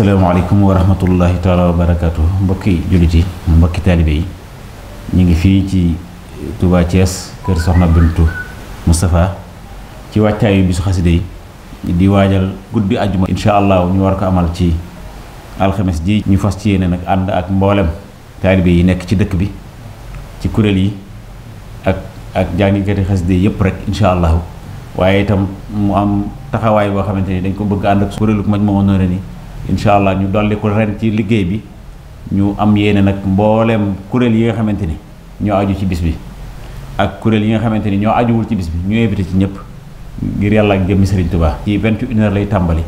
asalaamaaleykum wa rahmatullahi taala wa barakaatu mbokki jullit yi mbokki taalibe yi ñu ngi fii ci Touba Thiès kër Soxna Bintu Moustapha ci wàccaayu bisu xasida yi di waajal guddi àjjuma incha allah ñu war ko amal ci alxames ji ñu fas ci yéene nag ànd ak mboolem taalibe yi nekk ci dëkk bi ci kuréel yi ak ak jàngikati xasida yi yëpp rek incha allahu waaye itam mu am taxawaay boo xamante ni dañ ko bëgg ànd ak kuréelu maj moomo noore ni incha allah ñu dolli ko ren ci liggéey bi ñu am yéene nag mbooleem kuréel yi nga xamante ni ñoo aju ci bis bi ak kuréel yi nga xamante ni ñoo ajuwul ci bis bi ñu invité ci ñëpp ngir yàlla ak jëmmi Serigne Touba. ci 21h lay tàmbali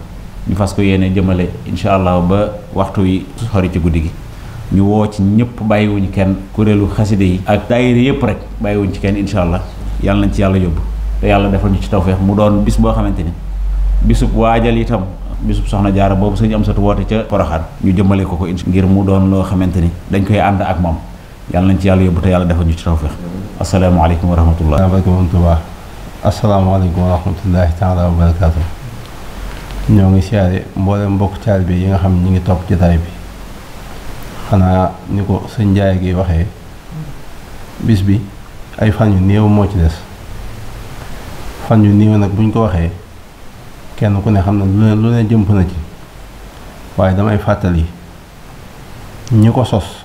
ñu fas ko yéene jëmale incha allah ba waxtu yi xori ci guddi gi ñu woo ci ñëpp bàyyiwuñ kenn kuréelu xaside yi. ak daayira yëpp rek bàyyiwuñ ci kenn incha allah yàlla nañ ci yàlla yóbbu te yàlla defal ñu ci tawfeex mu doon bis boo xamante ni bisub waajal itam. bisub soxna jaara boobu sëñ am satu woote ca poroxaan ñu jëmale ko ko ngir mu doon loo xamante ni dañ koy ànd ak moom yàlla nañ ci yàlla yóbbu te yàlla defal ñu ci tawfeex asalaamaaleykum wa rahmatullah waaleykum wa rahmatullah asalaamaaleykum wa rahmatullahi taala wa barakaatu ñoo ngi siyaare mboolem mbokk caal bi yi nga xam ne ñu ngi topp jotaay bi xanaa ni ko sëñ Njaay gi waxee bis bi ay fan yu néew moo ci des fan yu néew nag buñ ko waxee kenn ku ne xam ne lu ne lu ne jëmp na ci waaye damay fàttali ñi ko sos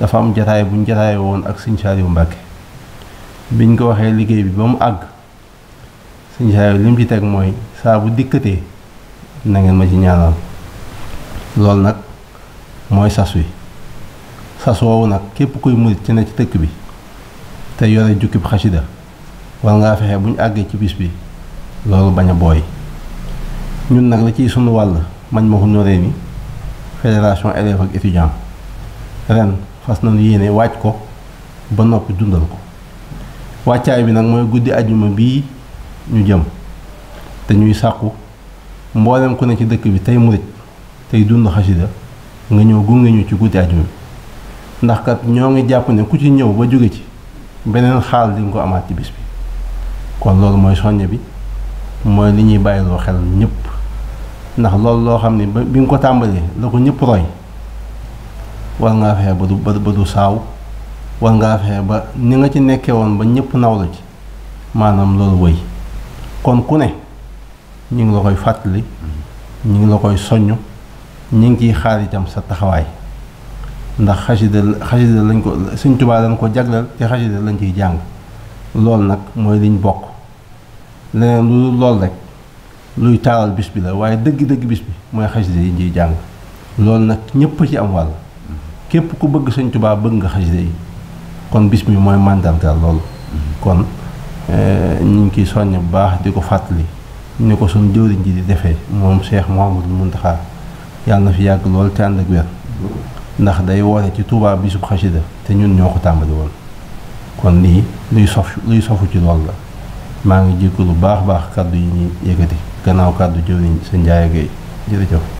dafa am jataay buñ jataay woon ak sëñ Saaliw Mbàkke biñ ko waxee liggéey bi ba mu àgg sëñ lim li ci teg mooy saa bu dikkatee na ma ci ñaanal loolu nag mooy sas wi sas woowu nag képp kuy murit ci ne ci dëkk bi te yore jukkib xasida war ngaa fexe buñ àggee ci bis bi loolu bañ a booy ñun nag la ciy sunu wàll mañ ma honoré ni fédération élèves ak étudiants ren fas nañu yéene waaj ko ba noppi dundal ko wàccaay bi nag mooy guddi ajuma bii ñu jëm te ñuy sàkku mboolem ku ne ci dëkk bi tey murit tey dund xasida nga ñëw gunge ñu ci guddi ajuma bi ndax kat ñoo ngi jàpp ne ku ci ñëw ba jóge ci beneen xaal di nga ko amaat ci bi kon loolu mooy soññe bi mooy li ñuy bàyyiloo xel ñëpp ndax loolu loo xam ne bi nga ko tàmbalee la ko ñëpp roy war nga fexe ba du ba du saaw war ngaa fexe ba ni nga ci nekkee woon ba ñëpp naw ci maanaam loolu woy kon ku ne ñu ngi la koy fàttali ñu ngi la koy soññ ñu ngi kiy xaar itam sa taxawaay ndax xasida xasida lañ ko Sëñ Tuubaa lañ ko jaglal te xasida lañ koy jàng loolu nag mooy liñ bokk leneen lool loolu rek luy taaral bis bi la waaye dëgg-dëgg bis bi mooy xasida yi ñuy loolu nag ñépp a ci am wàll képp ku bëgg Sëñ tubaab bëgg nga xasida yi kon bis mi mooy màndargaal loolu kon eh, ñu ngi kiy soññ bu baax di ko fàttali ni ko suñ jëwriñ ji di defee moom Cheikh Mouhamadou Mountakha yàlla na fi yàgg loolu te ànd ak wér ndax day woote ci Touba bisub xasida te ñun ñoo ko tàmbali woon kon lii luy sof luy sofu ci loolu la maa ngi jékku lu baax baax kàddu yi ñuy yëkkati gannaaw kàddu jëwriñ sa Ndiaye Guèye jërëjëf